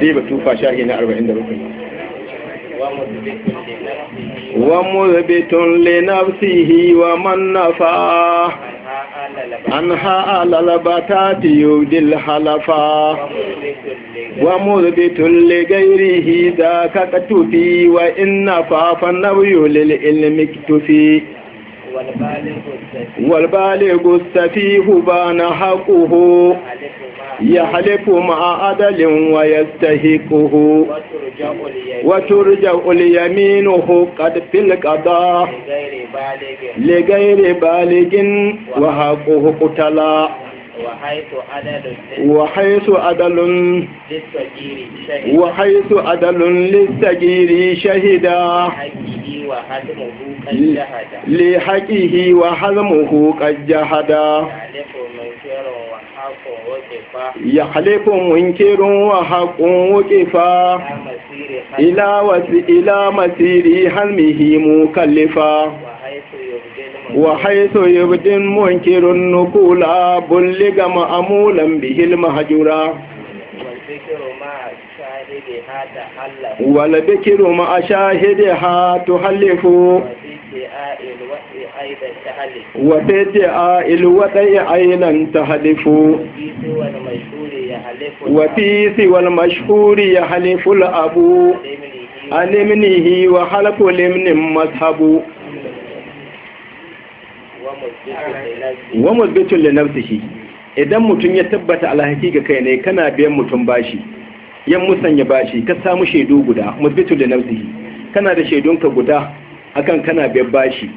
ديبة توفى ومثبت لنفسه ومن نفى عنها على البتات يودي الحلفا ومثبت لغيره ذاك كتفي وإن نفى فالنبي للعلم اكتفي walbali gustafi huba na haƙuhu ya halifu ma'adalin wa ya tahikuhu wato rija uliyaminu hu ƙadfil ƙada ligairi baligin wa haƙuhu kutala وحيث عدل وحيث عدل للسجير شهدا لحقه وحلمه قد جهدا يحلف منكر وحق وكفا إلى مسير حلمه مكلفا وحيث يبدي منكر النقول بلغ مأمولا به المهجورا والذكر مع شاهدها تحلف وفي دعاء الوضع أيضا تحلف وفي سوى المشهور يحلف الأبو عن وحلف لمن مذهب wa musbitun li nafsihi idan mutum ya tabbata alhaki ga kai ne kana biyan mutum bashi yan musanya bashi ka samu shaidu guda musbitun li nafsihi kana da shaidunka guda akan kana biyan bashi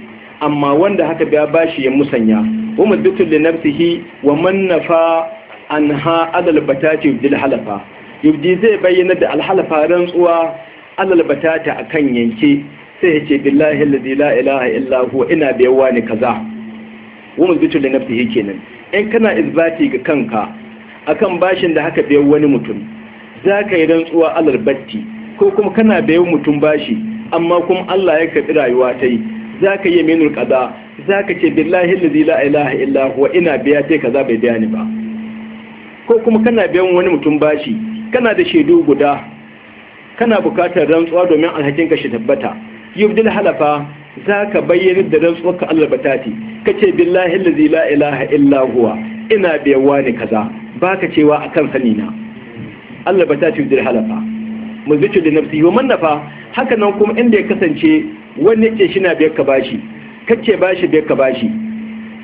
amma wanda haka biya bashi ya musanya wa musbitun li nafsihi wa man nafa anha adal batati yubdil halafa yubdi zai bayyana da alhalafa rantsuwa alal batata akan yanke sai ya ce billahi alladhi la ilaha illa huwa ina biyawa ne kaza wa musbitu li nafsihi kenan in kana isbati ga kanka akan bashin da haka biyan wani mutum zaka yi rantsuwa alal batti ko kuma kana biyan mutum bashi amma kuma Allah ya karɓi rayuwa ta yi ka yi minul za ka ce billahi allazi la ilaha illa huwa ina biya ta kaza bai biya ni ba ko kuma kana biyan wani mutum bashi kana da shaidu guda kana bukatar rantsuwa domin alhakin ka shi tabbata yubdil halafa za ka bayyana da rantsuwarka Allah batati ka ce billahi allazi la ilaha illa huwa ina biyawa ne kaza baka cewa akan sani na Allah batati bil halafa zuci da nafsi wa mannafa haka nan kuma inda ya kasance wani ce shi na biyar ka bashi kace bashi biyar ka bashi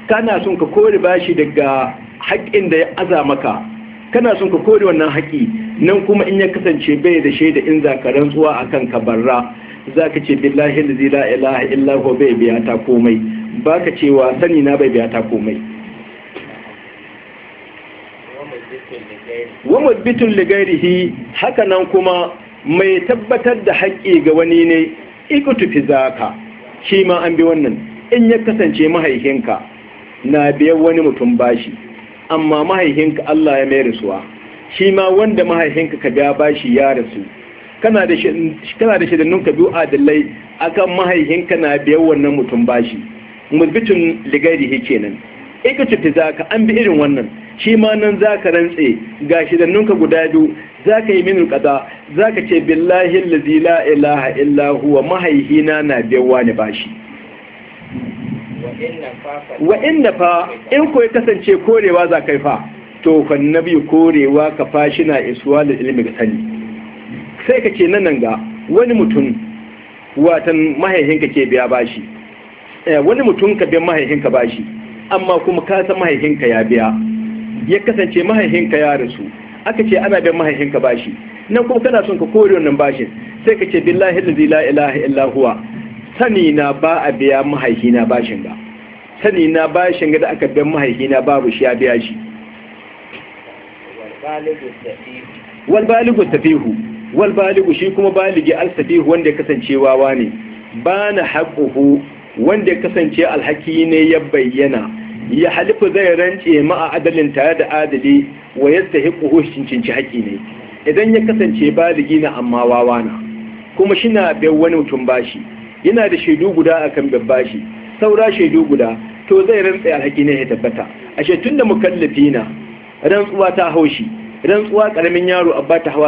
kana son ka kore bashi daga haƙƙin da ya aza maka kana son ka kore wannan haƙi nan kuma in ya kasance bai da shaida in za ka rantsuwa akan ka barra za ka ce billahi lazi zira ilaha illa bai biya ta komai ba ka cewa sani na bai biya ta komai wa mudbitun ligairihi haka nan kuma mai tabbatar da haƙƙi ga wani ne ikutu fi zaka shi ma an bi wannan in ya kasance mahaihinka na biyan wani mutum bashi amma mahaihinka Allah ya mai rasuwa shi ma wanda mahaihinka ka biya bashi ya rasu kana da shaidannin ka biyu adalai akan mahaihinka na biyar wannan mutum bashi mulbitin ligairihi kenan ika cuti za ka an bi irin wannan shi ma nan za ka rantse ga shaidannin ka guda biyu za ka yi minin kaza za ka ce billahi lazi la ilaha illa huwa mahaihina na biyar wani bashi wa inna fa in ko kasance korewa za ka yi fa to kan nabi korewa ka fashi na isuwa da ilimin sani sai ka ce nan ga wani mutum watan mahaihinka ke biya bashi eh, wani mutum ka biyan mahaihinka bashi amma kuma ka san mahaihinka ya biya ya kasance mahaihinka ya rasu aka ce ana biyan mahaihinka bashi nan kuma kana son ka kore wannan bashin sai ka ce billahi allazi la ilaha illa huwa sani na ba a biya mahaihina bashin ga sani na bashin ga da aka biyan mahaihina babu shi ya biya shi wal baligu tafihu wal baligu shi kuma baligi al alsafihu wanda ya kasance wawa ne bana haquhu wanda ya kasance alhaki ne ya bayyana ya halifu zai rance ma'a adalin tare da adali wa yadda haquhu cincinci haƙi ne idan ya kasance baligi na amma wawa na kuma shina bai wani mutum bashi yana da shaidu guda akan babbashi saura shaidu guda to zai rantsa alhaki ne ya tabbata ashe tunda mukallafi na rantsuwa ta haushi rantsuwa karamin yaro abba ta hawa